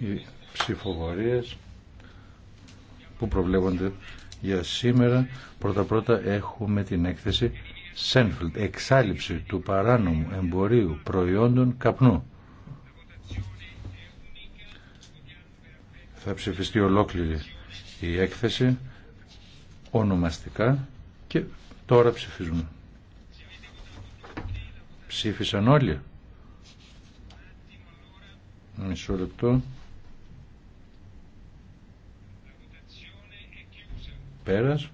οι ψηφοφορίες που προβλέπονται για σήμερα. Πρώτα-πρώτα έχουμε την έκθεση Σένφλτ, εξάλληψη του παράνομου εμπορίου προϊόντων καπνού. Θα ψηφιστεί ολόκληρη η έκθεση ονομαστικά και τώρα ψηφίζουμε. Ψήφισαν όλοι. Μισό λεπτό. Πέρας.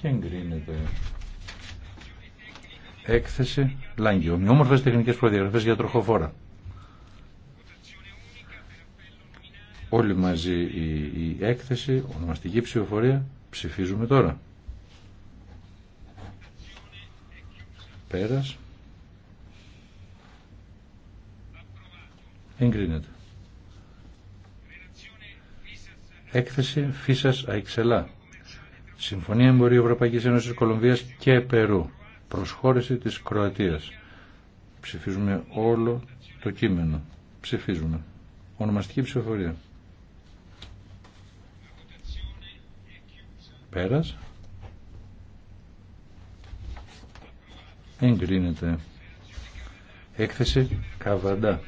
Και εγκρίνεται. Έκθεση Λάγκη. όμορφες τεχνικές προδιαγραφές για τροχοφόρα. Όλοι μαζί η, έκθεση, ονομαστική ψηφοφορία, ψηφίζουμε τώρα. Πέρας. Εγκρίνεται. Έκθεση Φίσας Αϊξελά. Συμφωνία Εμπορίου Ευρωπαϊκή Ένωση Κολομβίας και Περού. Προσχώρηση της Κροατία. Ψηφίζουμε όλο το κείμενο. Ψηφίζουμε. Ονομαστική ψηφοφορία. Πέρας. Εγκρίνεται. Έκθεση Καβαντά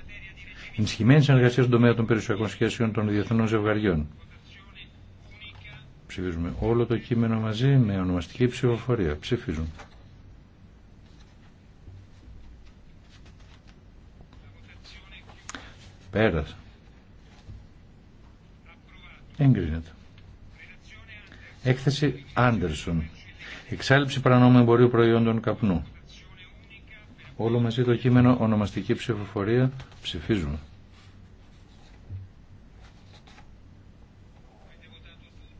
ενισχυμένη συνεργασία στον τομέα των περιουσιακών σχέσεων των διεθνών ζευγαριών. Ψηφίζουμε όλο το κείμενο μαζί με ονομαστική ψηφοφορία. Ψηφίζουν. Πέρασα. Εγκρίνεται. Έκθεση Άντερσον. Εξάλληψη παρανόμου εμπορίου προϊόντων καπνού όλο μαζί το κείμενο ονομαστική ψηφοφορία ψηφίζουμε.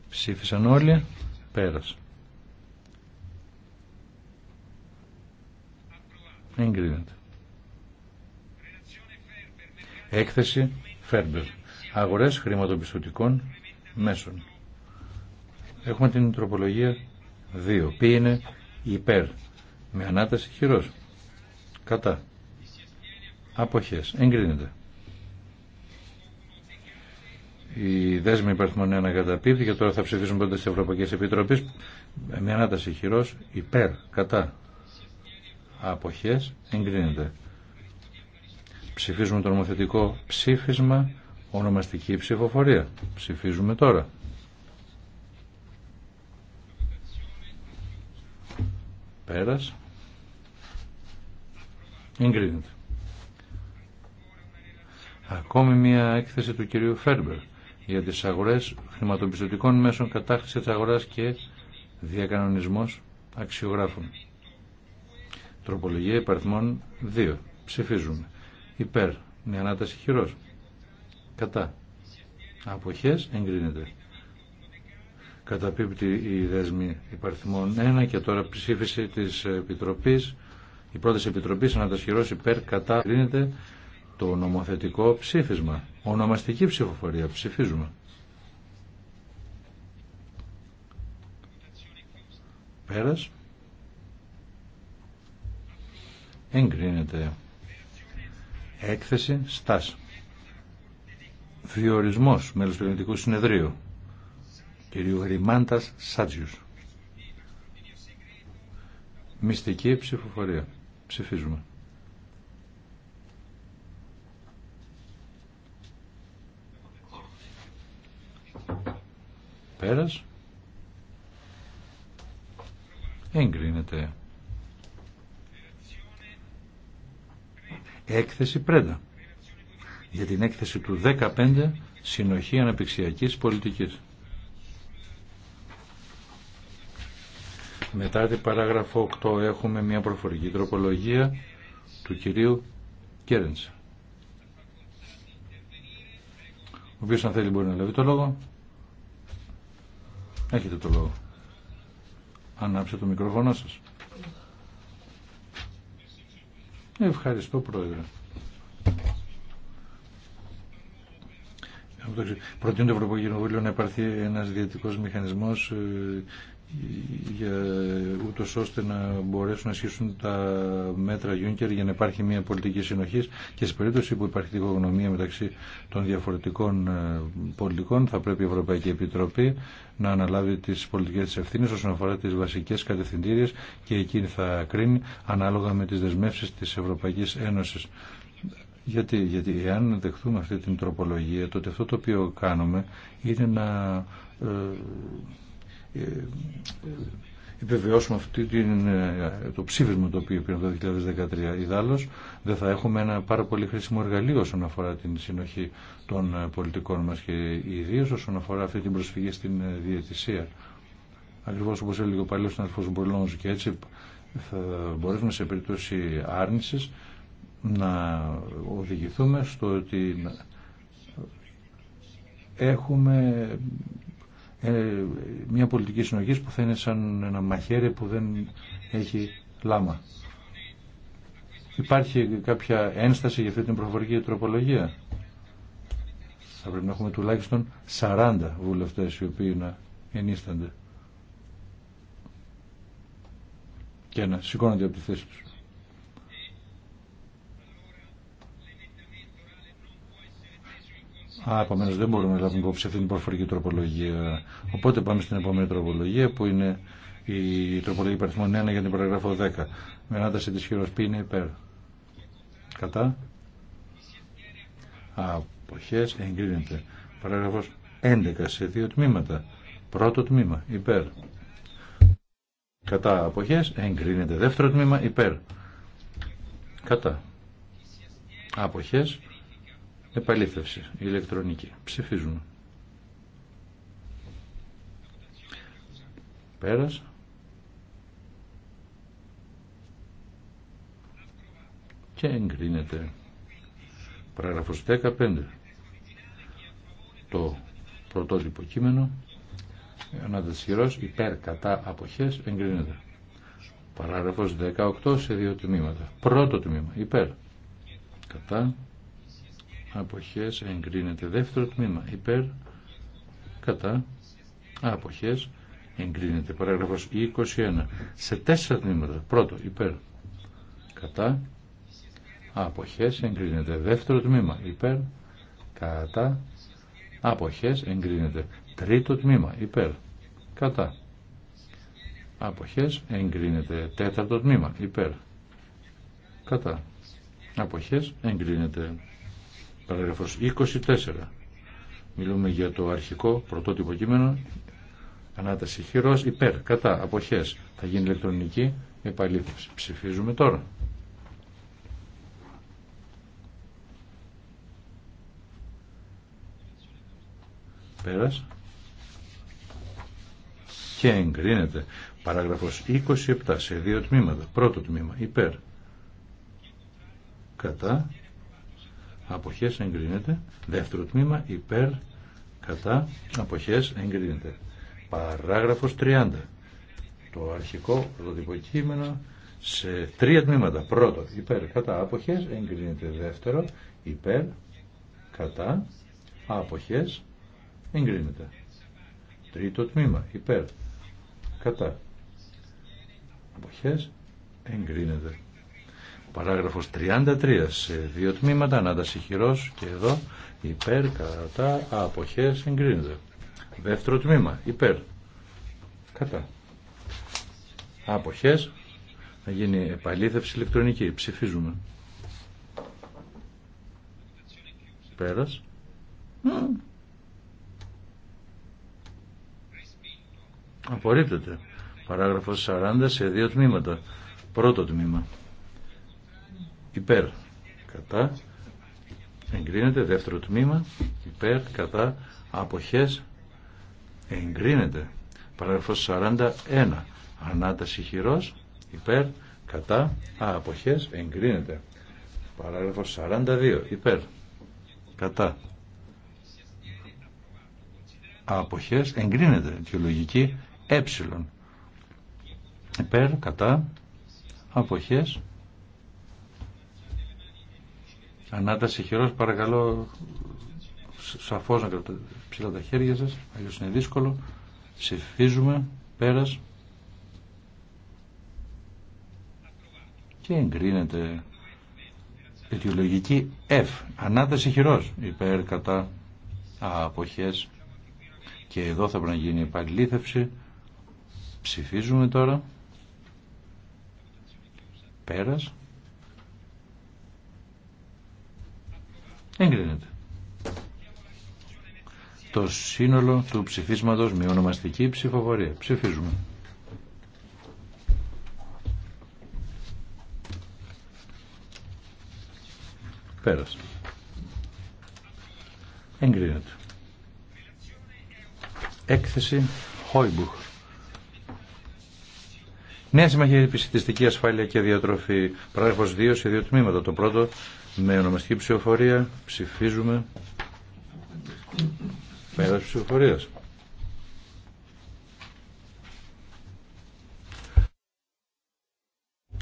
Ψήφισαν όλοι, πέρασε. Εγκρίνεται. Έκθεση Φέρμπερ. Αγορές χρηματοπιστωτικών μέσων. Έχουμε την τροπολογία 2. Ποιοι είναι υπέρ. Με ανάταση χειρός κατά αποχές εγκρίνεται η δέσμη υπαριθμών να και τώρα θα ψηφίσουν πρώτα τη Ευρωπαϊκή Επιτροπή με ανάταση χειρός υπέρ, κατά αποχέ εγκρίνεται. Ψηφίζουμε το νομοθετικό ψήφισμα, ονομαστική ψηφοφορία. Ψηφίζουμε τώρα. Πέρας. Εγκρίνεται. Ακόμη μια έκθεση του κυρίου Φέρμπερ για τις αγορές χρηματοπιστωτικών μέσων κατάχρηση της αγοράς και διακανονισμός αξιογράφων. Τροπολογία υπαριθμών 2. Ψηφίζουμε. Υπέρ. Με ανάταση χειρός. Κατά. Αποχές εγκρίνεται. Καταπίπτει η δέσμη υπαριθμών 1 και τώρα ψήφιση της Επιτροπής η πρώτη επιτροπή Ανατασχυρώσει υπέρ κατά κρίνεται το νομοθετικό ψήφισμα. Ονομαστική ψηφοφορία. Ψηφίζουμε. Πέρας. Εγκρίνεται. Έκθεση στάση. Διορισμός μέλο του Ελληνικού Συνεδρίου. Κυρίου Γρημάντας Σάτζιους. Μυστική ψηφοφορία. Ψηφίζουμε. Πέρας. Εγκρίνεται. Έκθεση Πρέντα. Για την έκθεση του 15 Συνοχή αναπτυξιακή Πολιτικής. Μετά την παράγραφο 8 έχουμε μια προφορική τροπολογία του κυρίου Κέρντσα. Ο οποίος αν θέλει μπορεί να λάβει το λόγο. Έχετε το λόγο. Ανάψε το μικρόφωνο σας. Ευχαριστώ πρόεδρε. Προτείνω το Ευρωπαϊκό Κοινοβούλιο να υπάρχει ένας διαιτικός μηχανισμός ε, για, ούτως ώστε να μπορέσουν να ασχίσουν τα μέτρα Juncker για να υπάρχει μια πολιτική συνοχής και σε περίπτωση που υπάρχει δικογνωμία μεταξύ των διαφορετικών ε, πολιτικών θα πρέπει η Ευρωπαϊκή Επιτροπή να αναλάβει τις πολιτικές της ευθύνης όσον αφορά τις βασικές κατευθυντήριες και εκείνη θα κρίνει ανάλογα με τις δεσμεύσεις της Ευρωπαϊκής Ένωσης. Γιατί, γιατί εάν δεχθούμε αυτή την τροπολογία τότε αυτό το οποίο κάνουμε είναι να ε, ε, ε, επιβεβαιώσουμε αυτή την, ε, το ψήφισμα το οποίο πήραμε το 2013. Ιδάλλως, δεν θα έχουμε ένα πάρα πολύ χρήσιμο εργαλείο όσον αφορά την συνοχή των πολιτικών μας και ιδίω όσον αφορά αυτή την προσφυγή στην διαιτησία. Ακριβώ όπω έλεγε ο παλιός συνάδελφο Μπολόνο, και έτσι θα μπορέσουμε σε περίπτωση άρνηση να οδηγηθούμε στο ότι έχουμε ε, μια πολιτική συνοχή που θα είναι σαν ένα μαχαίρι που δεν έχει λάμα. Υπάρχει κάποια ένσταση για αυτή την προφορική τροπολογία. Θα πρέπει να έχουμε τουλάχιστον 40 βουλευτές οι οποίοι να ενίστανται και να σηκώνονται από τη θέση τους. Α, επομένω δεν μπορούμε να λάβουμε υπόψη αυτή την προφορική τροπολογία. Οπότε πάμε στην επόμενη τροπολογία που είναι η τροπολογία υπαριθμών 1 για την παραγράφο 10. Με ανάταση τη χειροσπή είναι υπέρ. Κατά. Αποχέ, εγκρίνεται. Παράγραφος 11 σε δύο τμήματα. Πρώτο τμήμα υπέρ. Κατά απόχέ, εγκρίνεται. Δεύτερο τμήμα υπέρ. Κατά. Αποχές Επαλήθευση ηλεκτρονική. Ψηφίζουν. Πέρας. Και εγκρίνεται. Παράγραφος 15. Το πρωτότυπο κείμενο. Ανάταση υπέρ κατά αποχές εγκρίνεται. Παράγραφος 18 σε δύο τμήματα. Πρώτο τμήμα υπέρ. Κατά αποχές εγκρίνεται δεύτερο τμήμα υπέρ κατά αποχές εγκρίνεται παράγραφος 21 σε τέσσερα τμήματα πρώτο υπέρ κατά αποχές εγκρίνεται δεύτερο τμήμα υπέρ κατά αποχές εγκρίνεται τρίτο τμήμα υπέρ κατά αποχές εγκρίνεται τέταρτο τμήμα υπέρ κατά αποχές εγκρίνεται Παραγραφός 24. Μιλούμε για το αρχικό πρωτότυπο κείμενο. Ανάταση χειρός υπέρ, κατά, αποχές. Θα γίνει ηλεκτρονική επαλήθευση. Ψηφίζουμε τώρα. Πέρας. Και εγκρίνεται. Παράγραφος 27 σε δύο τμήματα. Πρώτο τμήμα υπέρ. Κατά αποχές εγκρίνεται. Δεύτερο τμήμα υπέρ κατά αποχές εγκρίνεται. Παράγραφος 30. Το αρχικό πρωτοτυπο σε τρία τμήματα. Πρώτο υπέρ κατά αποχές εγκρίνεται. Δεύτερο υπέρ κατά αποχές εγκρίνεται. Τρίτο τμήμα υπέρ κατά αποχές εγκρίνεται. Παράγραφος 33 σε δύο τμήματα, ανάταση χειρός και εδώ υπέρ, κατά, αποχές, εγκρίνεται. Δεύτερο τμήμα, υπέρ, κατά. Αποχές, θα γίνει επαλήθευση ηλεκτρονική, ψηφίζουμε. Πέρας. Απορρίπτεται. Παράγραφος 40 σε δύο τμήματα. Πρώτο τμήμα υπέρ κατά εγκρίνεται δεύτερο τμήμα υπέρ κατά αποχές εγκρίνεται παραγραφός 41 ανάταση χειρός υπέρ κατά αποχές εγκρίνεται παράγραφος 42 υπέρ κατά αποχές εγκρίνεται αιτιολογική ε υπέρ κατά αποχές Ανάταση χειρός, παρακαλώ σαφώς να κρατάτε ψηλά τα χέρια σας, αλλιώς είναι δύσκολο. Ψηφίζουμε, πέρας. Και εγκρίνεται αιτιολογική F, ανάταση χειρός, υπέρ κατά αποχές. Και εδώ θα πρέπει να γίνει επαλήθευση. Ψηφίζουμε τώρα. Πέρας. Εγκρίνεται. Το σύνολο του ψηφίσματος με ονομαστική ψηφοφορία. Ψηφίζουμε. Πέρασε. Εγκρίνεται. Έκθεση Χόιμπουχ. Νέα συμμαχία επιστημιστική ασφάλεια και διατροφή. παράγραφο 2 σε δύο τμήματα. Το πρώτο με ονομαστική ψηφοφορία ψηφίζουμε πέρα ψηφοφορίας.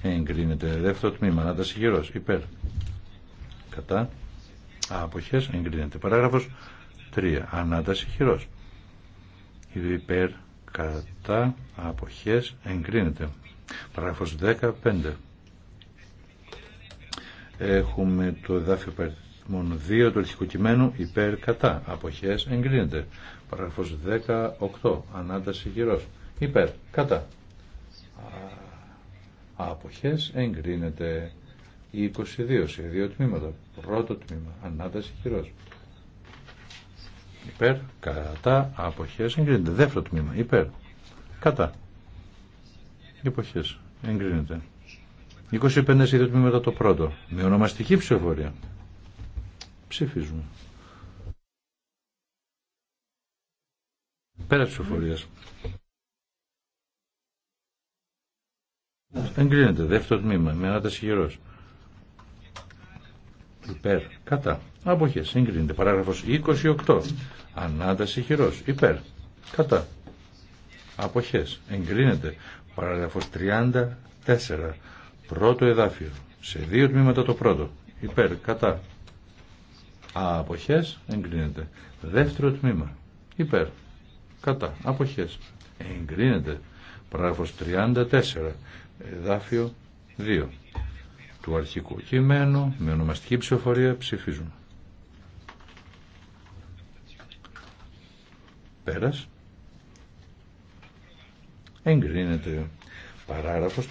Εγκρίνεται δεύτερο τμήμα, να τα υπέρ. Κατά. Αποχές εγκρίνεται. Παράγραφος 3. Ανάταση χειρός. Υπέρ κατά αποχές εγκρίνεται. Παράγραφος Πέντε. Έχουμε το εδάφιο μόνο 2 του αρχικού κειμένου υπέρ κατά. Αποχές εγκρίνεται. Παραγραφός 18. Ανάταση χειρός. Υπέρ κατά. Αποχές εγκρίνεται. 22 σε δύο τμήματα. Πρώτο τμήμα. Ανάταση χειρός. Υπέρ κατά. Αποχές εγκρίνεται. Δεύτερο τμήμα. Υπέρ κατά. Εποχές εγκρίνεται. 25 σε δύο τμήματα το πρώτο. Με ονομαστική ψηφοφορία. Ψηφίζουμε. Πέρα ψηφοφορία. Εγκρίνεται. Δεύτερο τμήμα. Με ανάταση χειρό. Υπέρ. Κατά. Αποχέ. Εγκρίνεται. Παράγραφο 28. Ανάταση χειρό. Υπέρ. Κατά. Αποχέ. Εγκρίνεται. Παράγραφο 34 Πρώτο εδάφιο. Σε δύο τμήματα το πρώτο. Υπέρ, κατά. Α, αποχές, εγκρίνεται. Δεύτερο τμήμα. Υπέρ, κατά. Αποχές, εγκρίνεται. Παράγραφος 34. Εδάφιο 2. Του αρχικού κειμένου, με ονομαστική ψηφοφορία, ψηφίζουμε. Πέρας. Εγκρίνεται. Παράγραφος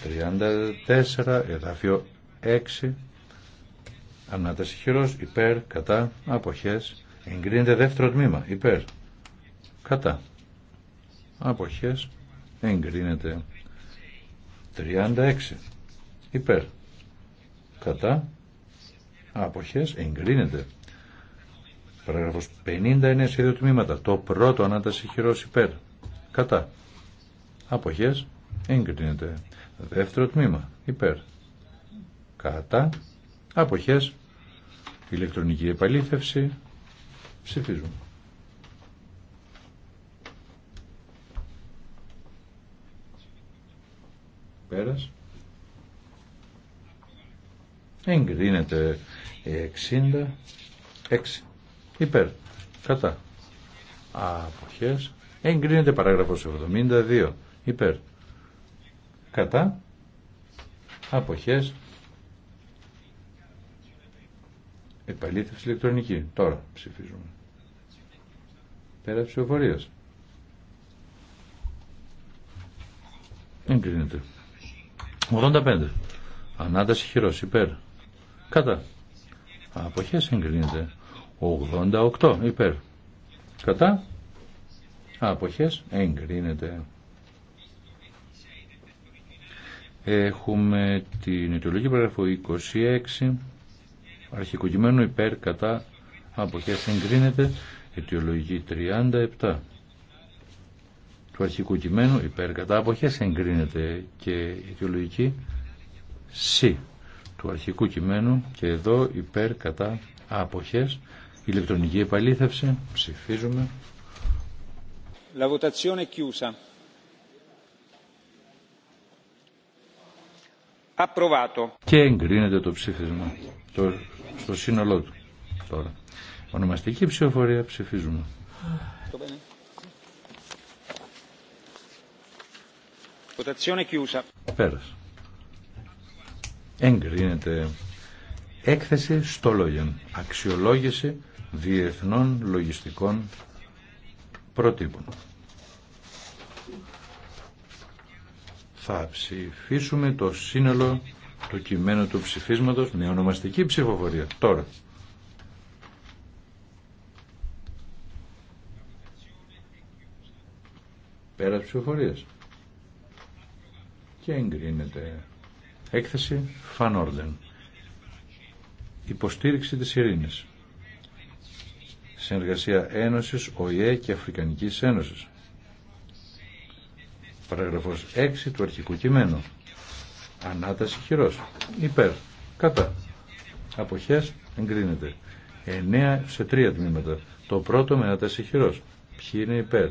34, εδάφιο 6, ανάταση χειρός, υπέρ, κατά, αποχές, εγκρίνεται δεύτερο τμήμα, υπέρ, κατά, αποχές, εγκρίνεται 36, υπέρ, κατά, αποχές, εγκρίνεται. Παράγραφος 59 σε δύο τμήματα. Το πρώτο ανάταση χειρός υπέρ. Κατά. Αποχές Εγκρίνεται. Δεύτερο τμήμα. Υπέρ. Κατά. Αποχές. Ηλεκτρονική επαλήθευση. Ψηφίζουμε. Πέρας. Εγκρίνεται 66. Υπέρ. Κατά. Αποχές. Εγκρίνεται παράγραφος 72. Υπέρ κατά αποχές επαλήθευση ηλεκτρονική. Τώρα ψηφίζουμε. Πέρα ψηφοφορίας. Εγκρίνεται. 85. Ανάταση χειρός υπέρ. Κατά. Αποχές εγκρίνεται. 88 υπέρ. Κατά. Αποχές εγκρίνεται. Έχουμε την ιδεολογική παραγραφό 26, αρχικού υπέρ κατά αποχές εγκρίνεται, αιτιολογική 37 του αρχικού κειμένου υπέρ κατά αποχές εγκρίνεται και αιτιολογική C του αρχικού κειμένου και εδώ υπέρ κατά αποχές ηλεκτρονική επαλήθευση ψηφίζουμε La votazione Approvato. Και εγκρίνεται το ψήφισμα το, στο σύνολό του τώρα. Ονομαστική ψηφοφορία ψηφίζουμε. Votazione chiusa. Πέρασε. Εγκρίνεται έκθεση στο Λόγιαν, Αξιολόγηση διεθνών λογιστικών προτύπων. θα ψηφίσουμε το σύνολο του κειμένου του ψηφίσματος με ονομαστική ψηφοφορία. Τώρα. Πέρα ψηφοφορίας. Και εγκρίνεται έκθεση Φανόρντεν. Υποστήριξη της ειρήνης. Συνεργασία Ένωσης, ΟΗΕ και Αφρικανικής Ένωσης. Παραγραφός 6 του αρχικού κειμένου. Ανάταση χειρός. Υπέρ. Κατά. Αποχές εγκρίνεται. 9 σε 3 τμήματα. Το πρώτο με ανάταση χειρός. Ποιοι είναι υπέρ.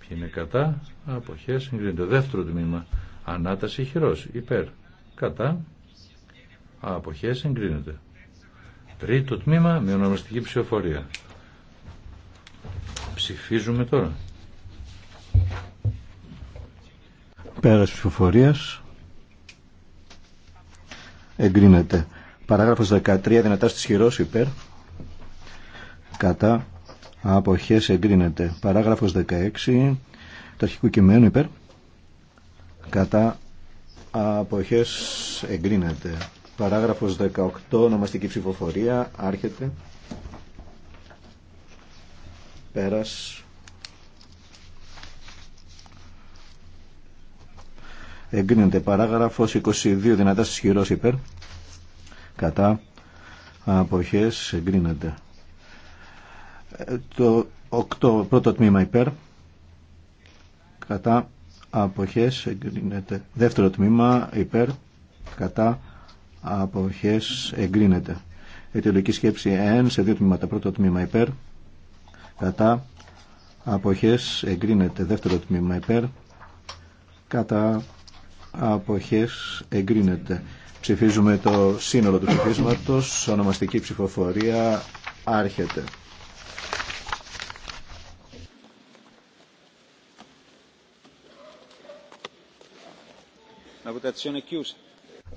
Ποιοι είναι κατά. Αποχές εγκρίνεται. Δεύτερο τμήμα. Ανάταση χειρός. Υπέρ. Κατά. Αποχές εγκρίνεται. Τρίτο τμήμα με ονομαστική ψηφοφορία. Ψηφίζουμε τώρα. Πέρας ψηφοφορίας. Εγκρίνεται. Παράγραφος 13. Δυνατά στις χειρός υπέρ. Κατά. Αποχές εγκρίνεται. Παράγραφος 16. Το αρχικό κειμένου υπέρ. Κατά. Αποχές εγκρίνεται. Παράγραφος 18. Ονομαστική ψηφοφορία. Άρχεται. Πέρας. εγκρίνεται παράγραφος 22 δυνατά ισχυρός υπέρ κατά αποχές εγκρίνεται ε, το 8 πρώτο τμήμα υπέρ κατά αποχές εγκρίνεται δεύτερο τμήμα υπέρ κατά αποχές εγκρίνεται αιτιολογική σκέψη 1, σε δύο τμήματα πρώτο τμήμα υπέρ κατά αποχές εγκρίνεται δεύτερο τμήμα υπέρ κατά αποχές εγκρίνεται. Ψηφίζουμε το σύνολο του ψηφίσματος, ονομαστική ψηφοφορία άρχεται.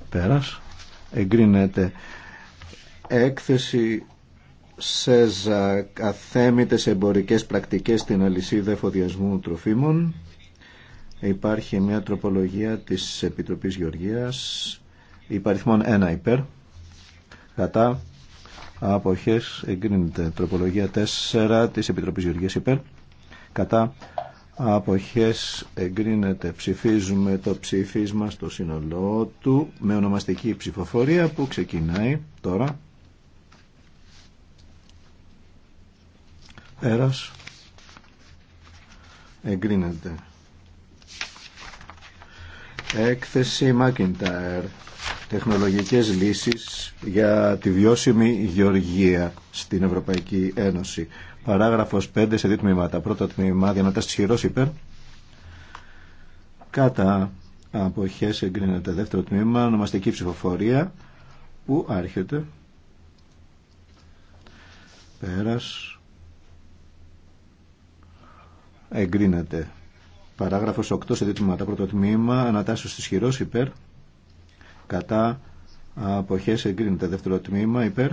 Πέρας. Εγκρίνεται. Έκθεση σε καθέμητες εμπορικές πρακτικές στην αλυσίδα εφοδιασμού τροφίμων. Υπάρχει μια τροπολογία της Επιτροπής Γεωργίας υπαριθμών 1 υπέρ κατά αποχές εγκρίνεται τροπολογία 4 της Επιτροπής Γεωργίας υπέρ κατά αποχές εγκρίνεται ψηφίζουμε το ψήφισμα στο σύνολό του με ονομαστική ψηφοφορία που ξεκινάει τώρα Έρας εγκρίνεται Έκθεση μακιντάερ, Τεχνολογικές λύσεις για τη βιώσιμη γεωργία στην Ευρωπαϊκή Ένωση. Παράγραφος 5 σε δύο τμήματα. Πρώτο τμήμα, διανατάς της υπέρ. Κατά αποχές εγκρίνεται δεύτερο τμήμα, ονομαστική ψηφοφορία που άρχεται. Πέρας. Εγκρίνεται. Παράγραφος 8 σε δίτηματα Πρώτο τμήμα, Ανατάσσεω τη χειρό υπέρ, κατά Αποχέ εγκρίνεται. Δεύτερο τμήμα υπέρ,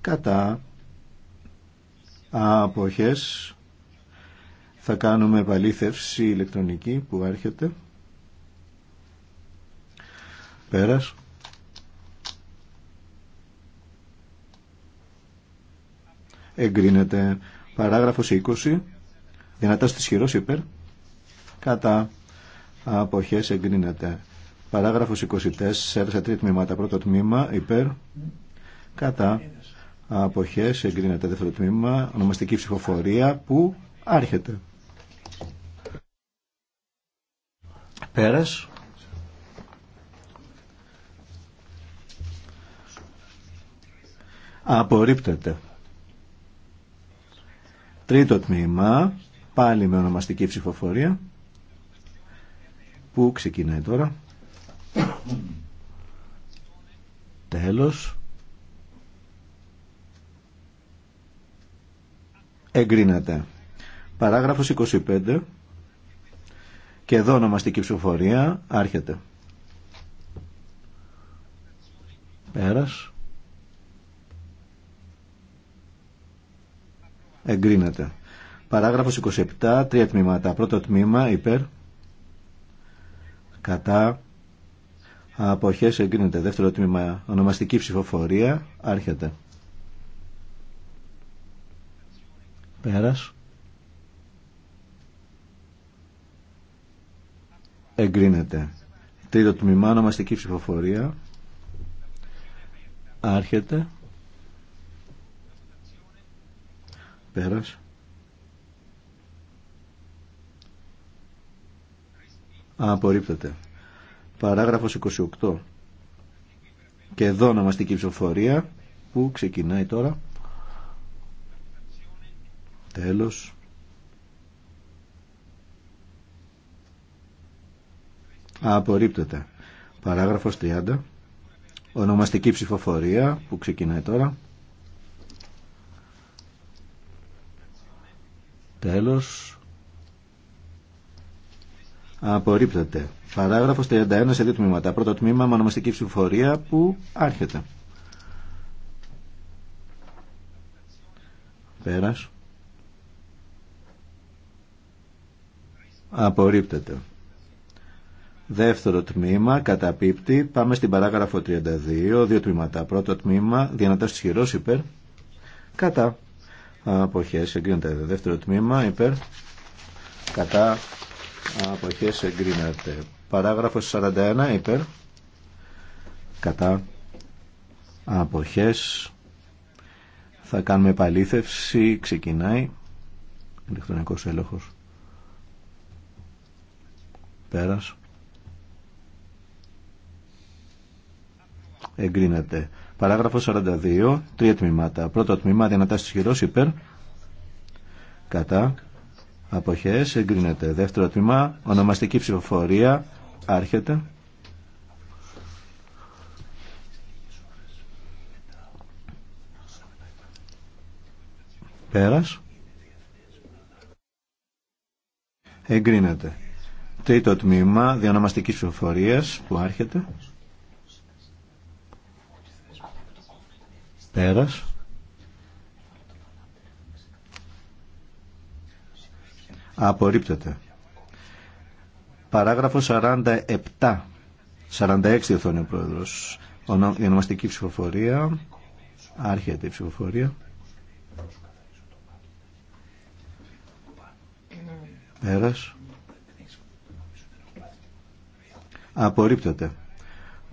κατά αποχές θα κάνουμε επαλήθευση ηλεκτρονική που έρχεται. Πέρας. Εγκρίνεται. Παράγραφος 20 δυνατά της χειρός υπέρ κατά αποχές εγκρίνεται παράγραφος 24 σε τρία τμήματα πρώτο τμήμα υπέρ κατά αποχές εγκρίνεται δεύτερο τμήμα ονομαστική ψηφοφορία που άρχεται πέρας απορρίπτεται τρίτο τμήμα πάλι με ονομαστική ψηφοφορία που ξεκινάει τώρα τέλος εγκρίνεται παράγραφος 25 και εδώ ονομαστική ψηφοφορία άρχεται πέρας εγκρίνεται Παράγραφος 27, τρία τμήματα. Πρώτο τμήμα υπέρ, κατά, αποχές εγκρίνεται. Δεύτερο τμήμα, ονομαστική ψηφοφορία, άρχεται. Πέρας. Εγκρίνεται. Τρίτο τμήμα, ονομαστική ψηφοφορία, άρχεται. Πέρας. Απορρίπτεται. Παράγραφος 28. Και εδώ ονομαστική ψηφοφορία που ξεκινάει τώρα. Τέλος. Απορρίπτεται. Παράγραφος 30. Ονομαστική ψηφοφορία που ξεκινάει τώρα. Τέλος. Απορρίπτεται. Παράγραφος 31 σε δύο τμήματα. Πρώτο τμήμα με ονομαστική ψηφοφορία που άρχεται. Πέρας. Απορρίπτεται. Δεύτερο τμήμα, καταπίπτει. Πάμε στην παράγραφο 32, δύο τμήματα. Πρώτο τμήμα, διανατάς χειρός υπέρ. Κατά. Αποχές, εγκρίνεται. Δεύτερο τμήμα, υπέρ. Κατά. Αποχές εγκρίνεται. Παράγραφος 41 υπέρ. Κατά. Αποχές. Θα κάνουμε επαλήθευση. Ξεκινάει. Ηλεκτρονικός έλεγχος. Πέρας. Εγκρίνεται. Παράγραφο 42. Τρία τμήματα. Πρώτο τμήμα. Δυνατά στις χειρός υπέρ. Κατά αποχές εγκρίνεται. Δεύτερο τμήμα, ονομαστική ψηφοφορία, άρχεται. Πέρας. Εγκρίνεται. Τρίτο τμήμα, διανομαστικής ψηφοφορία. που άρχεται. Πέρας. Απορρίπτεται. Παράγραφο 47. 46 οθόνη ο πρόεδρος. Ονομαστική ψηφοφορία. Άρχεται η ψηφοφορία. Πέρας. Απορρίπτεται.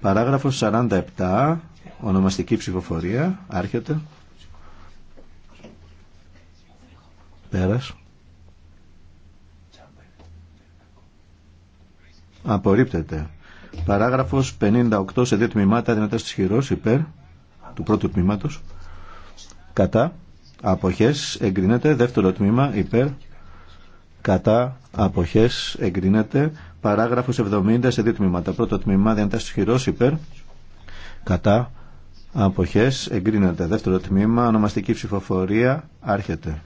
Παράγραφος 47. Ονομαστική ψηφοφορία. Άρχεται. Πέρας. Απορρίπτεται. Παράγραφο 58 σε δύο τμήματα δυνατά στις χειρός υπέρ του πρώτου τμήματο. Κατά. Αποχέ. εγκρίνεται. Δεύτερο τμήμα υπέρ. Κατά. Αποχές εγκρίνεται. Παράγραφος 70 σε δύο τμήματα. Πρώτο τμήμα δυνατά χειρός υπέρ. Κατά. Αποχές εγκρίνεται. Δεύτερο τμήμα ονομαστική ψηφοφορία άρχεται.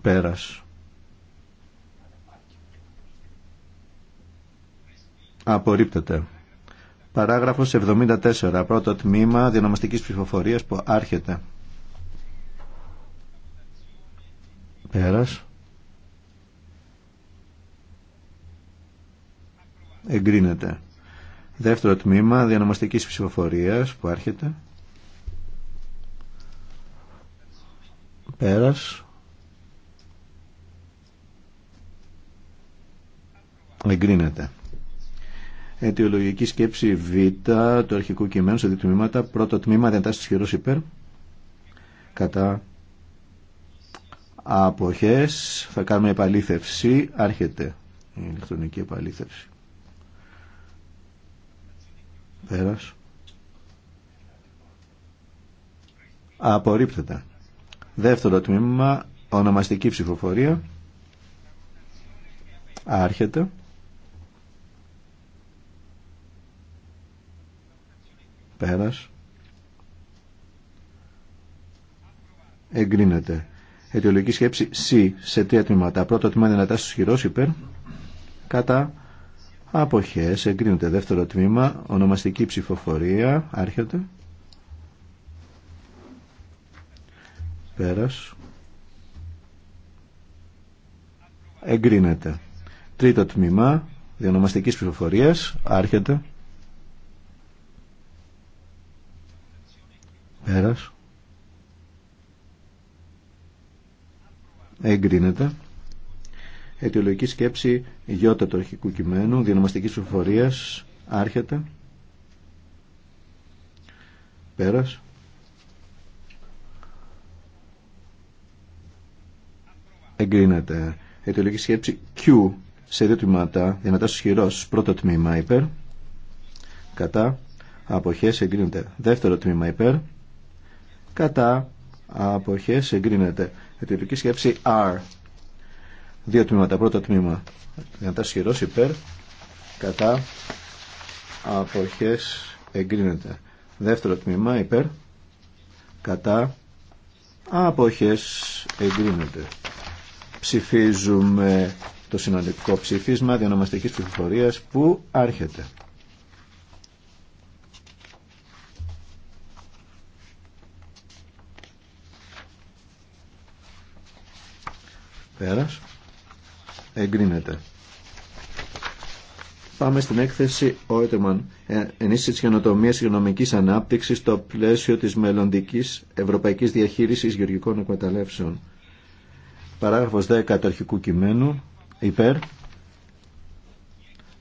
Πέρας. Απορρίπτεται. Παράγραφος 74. Πρώτο τμήμα διανομαστικής ψηφοφορίας που άρχεται. Πέρας. Εγκρίνεται. Δεύτερο τμήμα διανομαστικής ψηφοφορίας που άρχεται. Πέρας. Εγκρίνεται. Αιτιολογική σκέψη Β του αρχικού κειμένου σε δύο τμήματα. Πρώτο τμήμα διατάσσεται χειρό υπέρ. Κατά αποχές θα κάνουμε επαλήθευση. Άρχεται η ηλεκτρονική επαλήθευση. Πέρας. Απορρίπτεται. Δεύτερο τμήμα, ονομαστική ψηφοφορία. Άρχεται. πέρας εγκρίνεται αιτιολογική σκέψη C σε τρία τμήματα πρώτο τμήμα είναι ανατάσεις χειρός υπέρ κατά αποχές εγκρίνεται δεύτερο τμήμα ονομαστική ψηφοφορία άρχεται πέρας εγκρίνεται τρίτο τμήμα διονομαστικής ψηφοφορίας άρχεται εγκρίνεται. Αιτιολογική σκέψη γιώτα του αρχικού κειμένου, διανομαστική ψηφοφορία, άρχεται. Πέρας. Εγκρίνεται. Αιτιολογική σκέψη Q σε δύο τμήματα, δυνατά ισχυρό, πρώτο τμήμα υπέρ. Κατά. Αποχές εγκρίνεται. Δεύτερο τμήμα υπέρ. Κατά. Αποχές εγκρίνεται. Αιτιολογική σκέψη R. Δύο τμήματα. Πρώτο τμήμα. Δυνατά σχηρό υπέρ. Κατά. αποχές Εγκρίνεται. Δεύτερο τμήμα υπέρ. Κατά. αποχές Εγκρίνεται. Ψηφίζουμε το συνολικό ψήφισμα διανομαστικής ψηφοφορίας που άρχεται. Πέρας. Εγκρίνεται. Πάμε στην έκθεση Όιτεμαν. Ενίσχυση τη καινοτομία οικονομική ανάπτυξη στο πλαίσιο της μελλοντική Ευρωπαϊκής Διαχείρισης γεωργικών εκμεταλλεύσεων. Παράγραφος 10 του αρχικού κειμένου. Υπέρ.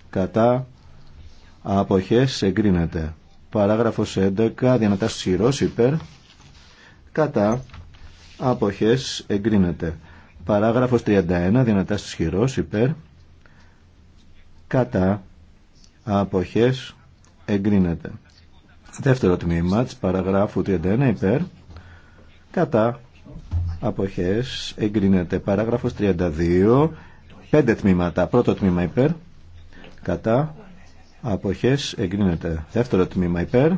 Κατά. Αποχές εγκρίνεται. Παράγραφος 11. Διανατάσεις χειρός υπέρ. Κατά. Αποχές εγκρίνεται. Παράγραφος 31, δυνατά ισχυρός, χειρός, υπέρ, κατά, αποχές, εγκρίνεται. Δεύτερο τμήμα της παραγράφου 31, υπέρ, κατά, αποχές, εγκρίνεται. Παράγραφος 32, πέντε τμήματα. Πρώτο τμήμα υπέρ, κατά, αποχές, εγκρίνεται. Δεύτερο τμήμα υπέρ,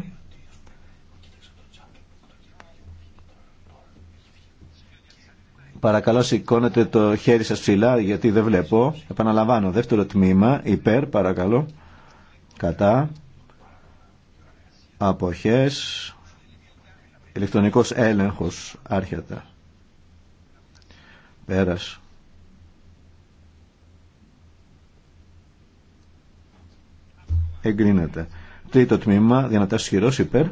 Παρακαλώ σηκώνετε το χέρι σας ψηλά γιατί δεν βλέπω. Επαναλαμβάνω. Δεύτερο τμήμα. Υπέρ. Παρακαλώ. Κατά. Αποχές. Ηλεκτρονικός έλεγχος. Άρχεται. Πέρας. Εγκρίνεται. Τρίτο τμήμα. Δυνατάς χειρός. Υπέρ.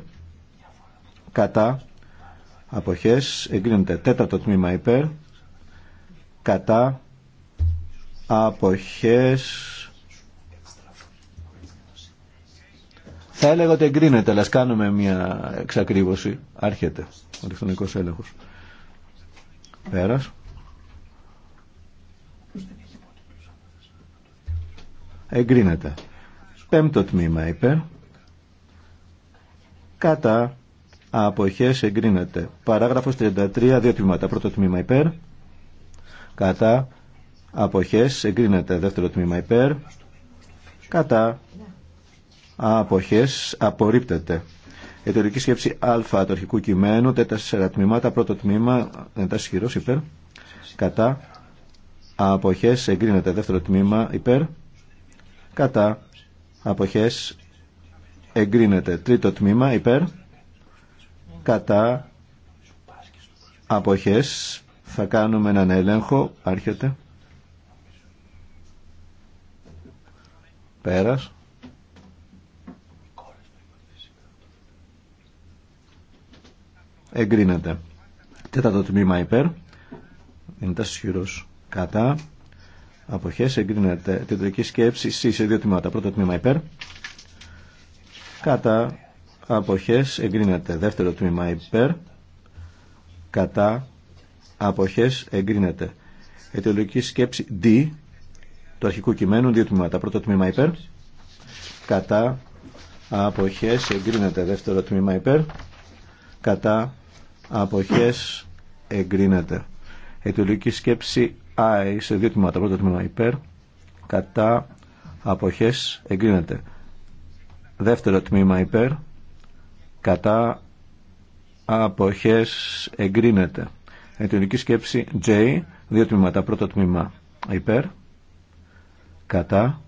Κατά αποχές εγκρίνεται τέταρτο τμήμα υπέρ κατά αποχές θα έλεγα ότι εγκρίνεται αλλά κάνουμε μια εξακρίβωση άρχεται ο ηλεκτρονικός έλεγχος πέρας εγκρίνεται πέμπτο τμήμα υπέρ κατά αποχές εγκρίνεται. Παράγραφος 33, δύο τμήματα. Πρώτο τμήμα υπέρ, κατά, αποχές εγκρίνεται. Δεύτερο τμήμα υπέρ, κατά, αποχές απορρίπτεται. Εταιρική σκέψη α του αρχικού κειμένου, τέταρτα τμήματα, πρώτο τμήμα, εντάξει χειρό, υπέρ, κατά, αποχές εγκρίνεται. Δεύτερο τμήμα υπέρ, κατά, αποχές εγκρίνεται. Τρίτο τμήμα υπέρ, κατά αποχές θα κάνουμε έναν έλεγχο άρχεται πέρας εγκρίνεται τέταρτο τμήμα υπέρ είναι τάσος κατά αποχές εγκρίνεται τετρική σκέψη σε δύο τμήματα πρώτο τμήμα υπέρ κατά αποχές εγκρίνεται. Δεύτερο τμήμα υπέρ, κατά, αποχές εγκρίνεται. Αιτιολογική σκέψη D του αρχικού κειμένου, δύο τμήματα. Πρώτο τμήμα υπέρ, κατά, αποχές εγκρίνεται. Δεύτερο τμήμα υπέρ, κατά, αποχές εγκρίνεται. Αιτιολογική σκέψη I σε δύο τμήματα. Πρώτο τμήμα υπέρ, κατά, αποχές εγκρίνεται. Δεύτερο τμήμα υπέρ, κατά αποχές εγκρίνεται. Αιτιονική σκέψη J, δύο τμήματα. Πρώτο τμήμα υπέρ, κατά,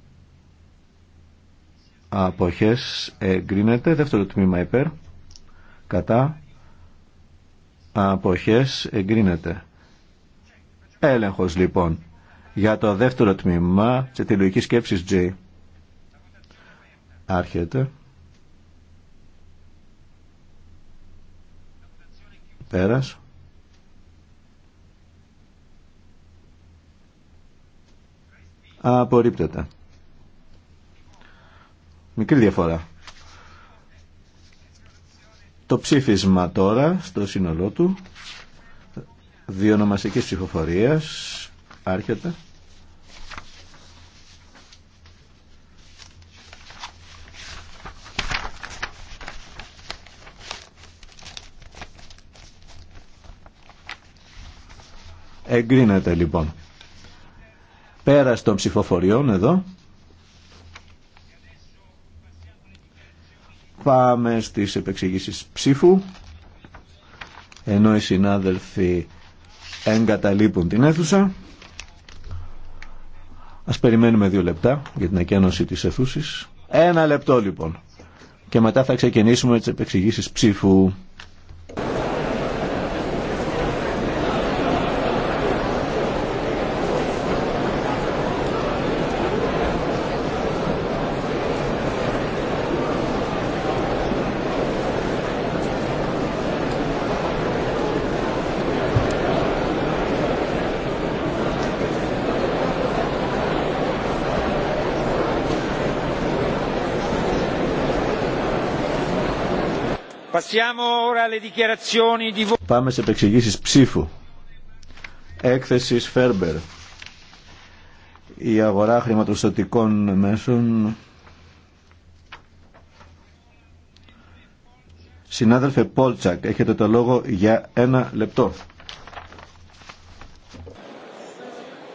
αποχές εγκρίνεται. Δεύτερο τμήμα υπέρ, κατά, αποχές εγκρίνεται. Έλεγχος λοιπόν για το δεύτερο τμήμα σε τη λογική σκέψη J. Άρχεται. Πέρας. Απορρίπτεται. Μικρή διαφορά. Το ψήφισμα τώρα στο σύνολό του διονομαστικής ψηφοφορίας άρχεται. Εγκρίνεται λοιπόν. Πέρα των ψηφοφοριών εδώ. Πάμε στις επεξηγήσεις ψήφου. Ενώ οι συνάδελφοι εγκαταλείπουν την αίθουσα. Ας περιμένουμε δύο λεπτά για την εκένωση της αιθούσης. Ένα λεπτό λοιπόν. Και μετά θα ξεκινήσουμε τις επεξηγήσεις ψήφου. Πάμε σε επεξηγήσεις ψήφου. Έκθεση Φέρμπερ. Η αγορά χρηματοστατικών μέσων. Συνάδελφε Πόλτσακ, έχετε το λόγο για ένα λεπτό.